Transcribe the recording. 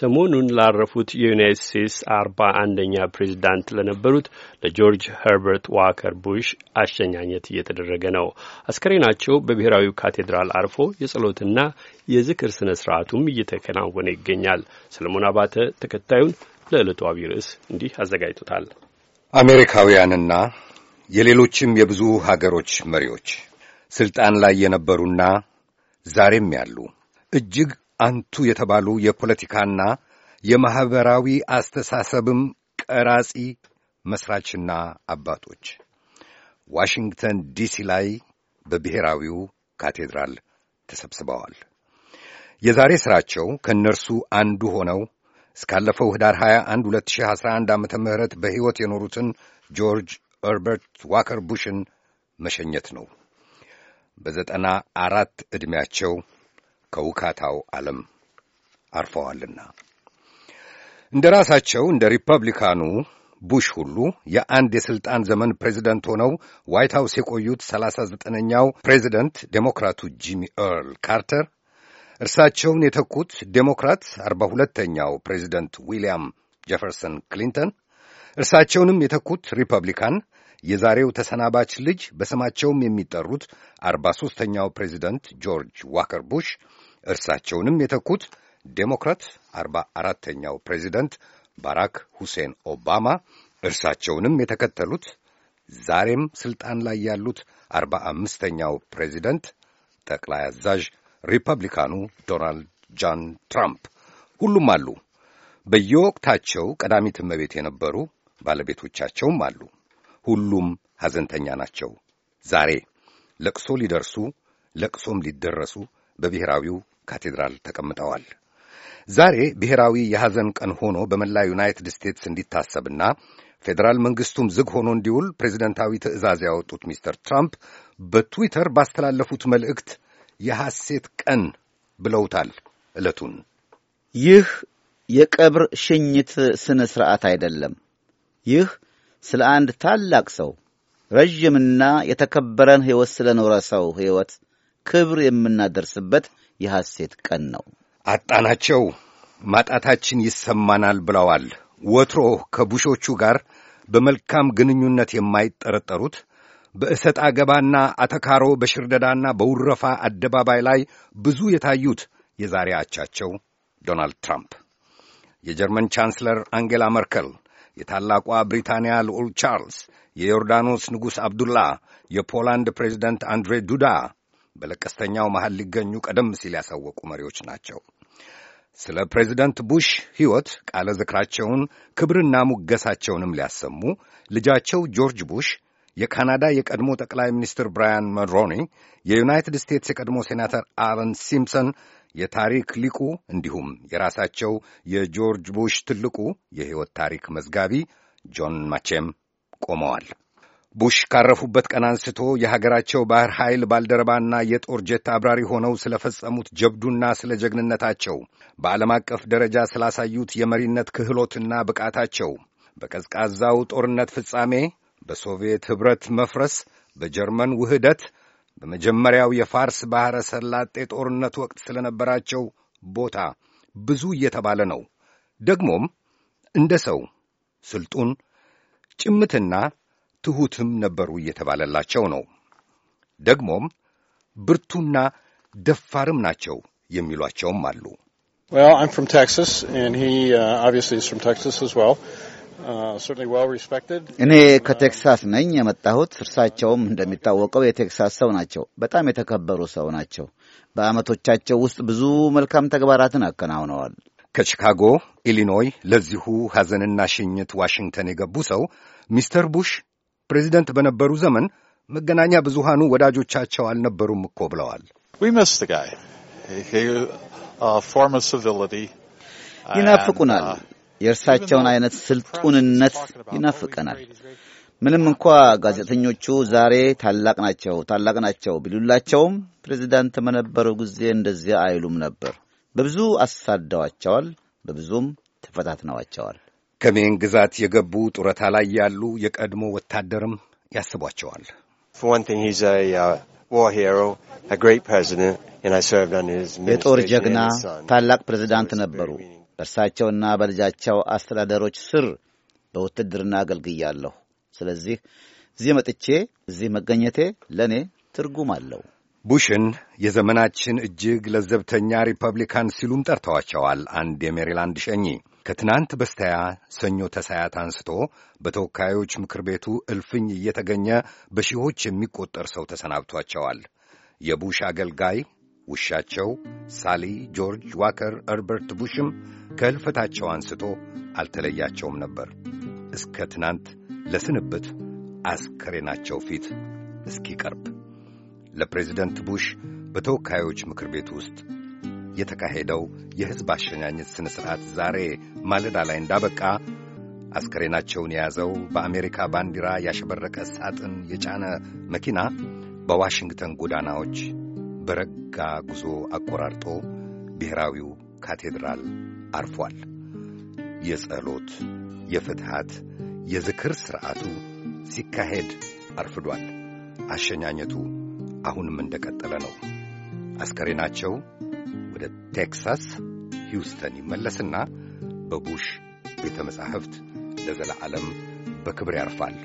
ሰሞኑን ላረፉት የዩናይት ስቴትስ አርባ አንደኛ ፕሬዚዳንት ለነበሩት ለጆርጅ ኸርበርት ዋከር ቡሽ አሸኛኘት እየተደረገ ነው። አስከሬናቸው በብሔራዊው ካቴድራል አርፎ የጸሎትና የዝክር ስነ ስርዓቱም እየተከናወነ ይገኛል። ሰለሞን አባተ ተከታዩን ለዕለቱ አብይ ርዕስ እንዲህ አዘጋጅቶታል። አሜሪካውያንና የሌሎችም የብዙ ሀገሮች መሪዎች ስልጣን ላይ የነበሩና ዛሬም ያሉ እጅግ አንቱ የተባሉ የፖለቲካና የማኅበራዊ አስተሳሰብም ቀራጺ መሥራችና አባቶች ዋሽንግተን ዲሲ ላይ በብሔራዊው ካቴድራል ተሰብስበዋል። የዛሬ ሥራቸው ከእነርሱ አንዱ ሆነው እስካለፈው ኅዳር 21 2011 ዓ ም በሕይወት የኖሩትን ጆርጅ ኸርበርት ዋከር ቡሽን መሸኘት ነው። በዘጠና አራት ዕድሜያቸው ከውካታው ዓለም አርፈዋልና እንደ ራሳቸው እንደ ሪፐብሊካኑ ቡሽ ሁሉ የአንድ የሥልጣን ዘመን ፕሬዚደንት ሆነው ዋይት ሃውስ የቆዩት ሰላሳ ዘጠነኛው ፕሬዚደንት ዴሞክራቱ ጂሚ ኤርል ካርተር እርሳቸውን የተኩት ዴሞክራት አርባ ሁለተኛው ፕሬዚደንት ዊልያም ጀፈርሰን ክሊንተን እርሳቸውንም የተኩት ሪፐብሊካን የዛሬው ተሰናባች ልጅ በስማቸውም የሚጠሩት አርባ ሦስተኛው ፕሬዚደንት ጆርጅ ዋከር ቡሽ እርሳቸውንም የተኩት ዴሞክራት አርባ አራተኛው ፕሬዚደንት ባራክ ሁሴን ኦባማ እርሳቸውንም የተከተሉት ዛሬም ስልጣን ላይ ያሉት አርባ አምስተኛው ፕሬዚደንት ጠቅላይ አዛዥ ሪፐብሊካኑ ዶናልድ ጃን ትራምፕ ሁሉም አሉ። በየወቅታቸው ቀዳሚት እመቤት የነበሩ ባለቤቶቻቸውም አሉ። ሁሉም ሐዘንተኛ ናቸው። ዛሬ ለቅሶ ሊደርሱ ለቅሶም ሊደረሱ በብሔራዊው ካቴድራል ተቀምጠዋል። ዛሬ ብሔራዊ የሐዘን ቀን ሆኖ በመላ ዩናይትድ ስቴትስ እንዲታሰብና ፌዴራል መንግሥቱም ዝግ ሆኖ እንዲውል ፕሬዚደንታዊ ትዕዛዝ ያወጡት ሚስተር ትራምፕ በትዊተር ባስተላለፉት መልእክት የሐሴት ቀን ብለውታል ዕለቱን። ይህ የቀብር ሽኝት ሥነ ሥርዓት አይደለም። ይህ ስለ አንድ ታላቅ ሰው ረዥምና የተከበረን ሕይወት ስለ ኖረ ሰው ሕይወት ክብር የምናደርስበት የሐሴት ቀን ነው። አጣናቸው፣ ማጣታችን ይሰማናል ብለዋል። ወትሮ ከቡሾቹ ጋር በመልካም ግንኙነት የማይጠረጠሩት በእሰጥ አገባና አተካሮ በሽርደዳና በውረፋ አደባባይ ላይ ብዙ የታዩት የዛሬ አቻቸው ዶናልድ ትራምፕ፣ የጀርመን ቻንስለር አንጌላ መርከል የታላቋ ብሪታንያ ልዑል ቻርልስ፣ የዮርዳኖስ ንጉሥ አብዱላ፣ የፖላንድ ፕሬዚደንት አንድሬ ዱዳ በለቀስተኛው መሃል ሊገኙ ቀደም ሲል ያሳወቁ መሪዎች ናቸው። ስለ ፕሬዚደንት ቡሽ ሕይወት ቃለ ዝክራቸውን ክብርና ሙገሳቸውንም ሊያሰሙ ልጃቸው ጆርጅ ቡሽ የካናዳ የቀድሞ ጠቅላይ ሚኒስትር ብራያን መሮኒ፣ የዩናይትድ ስቴትስ የቀድሞ ሴናተር አለን ሲምፕሰን የታሪክ ሊቁ እንዲሁም የራሳቸው የጆርጅ ቡሽ ትልቁ የሕይወት ታሪክ መዝጋቢ ጆን ማቼም ቆመዋል። ቡሽ ካረፉበት ቀን አንስቶ የሀገራቸው ባህር ኃይል ባልደረባና የጦር ጀት አብራሪ ሆነው ስለፈጸሙት ጀብዱና ስለ ጀግንነታቸው በዓለም አቀፍ ደረጃ ስላሳዩት የመሪነት ክህሎትና ብቃታቸው በቀዝቃዛው ጦርነት ፍጻሜ፣ በሶቪየት ኅብረት መፍረስ፣ በጀርመን ውህደት በመጀመሪያው የፋርስ ባሕረ ሰላጤ ጦርነት ወቅት ስለነበራቸው ቦታ ብዙ እየተባለ ነው። ደግሞም እንደ ሰው ስልጡን ጭምትና ትሑትም ነበሩ እየተባለላቸው ነው። ደግሞም ብርቱና ደፋርም ናቸው የሚሏቸውም አሉ። Well, I'm from Texas, and he uh, obviously is from Texas as well. Uh, እኔ ከቴክሳስ ነኝ የመጣሁት። እርሳቸውም እንደሚታወቀው የቴክሳስ ሰው ናቸው። በጣም የተከበሩ ሰው ናቸው። በዓመቶቻቸው ውስጥ ብዙ መልካም ተግባራትን አከናውነዋል። ከቺካጎ ኢሊኖይ ለዚሁ ሐዘንና ሽኝት ዋሽንግተን የገቡ ሰው ሚስተር ቡሽ ፕሬዚደንት በነበሩ ዘመን መገናኛ ብዙሃኑ ወዳጆቻቸው አልነበሩም እኮ ብለዋል። uh, ይናፍቁናል። uh, የእርሳቸውን አይነት ስልጡንነት ይናፍቀናል። ምንም እንኳ uh, uh, ጋዜጠኞቹ ዛሬ ታላቅ ናቸው ታላቅ ናቸው ቢሉላቸውም ፕሬዚዳንት በነበሩ ጊዜ እንደዚያ አይሉም ነበር። በብዙ አሳደዋቸዋል፣ በብዙም ተፈታትነዋቸዋል። ከሜን ግዛት የገቡ ጡረታ ላይ ያሉ የቀድሞ ወታደርም ያስቧቸዋል። uh, የጦር ጀግና ታላቅ ፕሬዚዳንት ነበሩ። በእርሳቸውና በልጃቸው አስተዳደሮች ስር በውትድርና አገልግያለሁ። ስለዚህ እዚህ መጥቼ እዚህ መገኘቴ ለእኔ ትርጉም አለው። ቡሽን የዘመናችን እጅግ ለዘብተኛ ሪፐብሊካን ሲሉም ጠርተዋቸዋል አንድ የሜሪላንድ ሸኚ። ከትናንት በስተያ ሰኞ ተሳያት አንስቶ በተወካዮች ምክር ቤቱ እልፍኝ እየተገኘ በሺዎች የሚቆጠር ሰው ተሰናብቷቸዋል። የቡሽ አገልጋይ ውሻቸው ሳሊ ጆርጅ ዋከር እርበርት ቡሽም ከልፈታቸው አንስቶ አልተለያቸውም ነበር። እስከ ትናንት ለስንብት አስከሬናቸው ፊት እስኪቀርብ ለፕሬዚደንት ቡሽ በተወካዮች ምክር ቤት ውስጥ የተካሄደው የሕዝብ አሸኛኘት ሥነ ሥርዓት ዛሬ ማለዳ ላይ እንዳበቃ አስከሬናቸውን የያዘው በአሜሪካ ባንዲራ ያሸበረቀ ሳጥን የጫነ መኪና በዋሽንግተን ጎዳናዎች በረጋ ጉዞ አቆራርጦ ብሔራዊው ካቴድራል አርፏል። የጸሎት የፍትሐት፣ የዝክር ሥርዓቱ ሲካሄድ አርፍዷል። አሸኛኘቱ አሁንም እንደቀጠለ ነው። አስከሬናቸው ወደ ቴክሳስ ሂውስተን ይመለስና በቡሽ ቤተ መጻሕፍት ለዘለዓለም በክብር ያርፋል።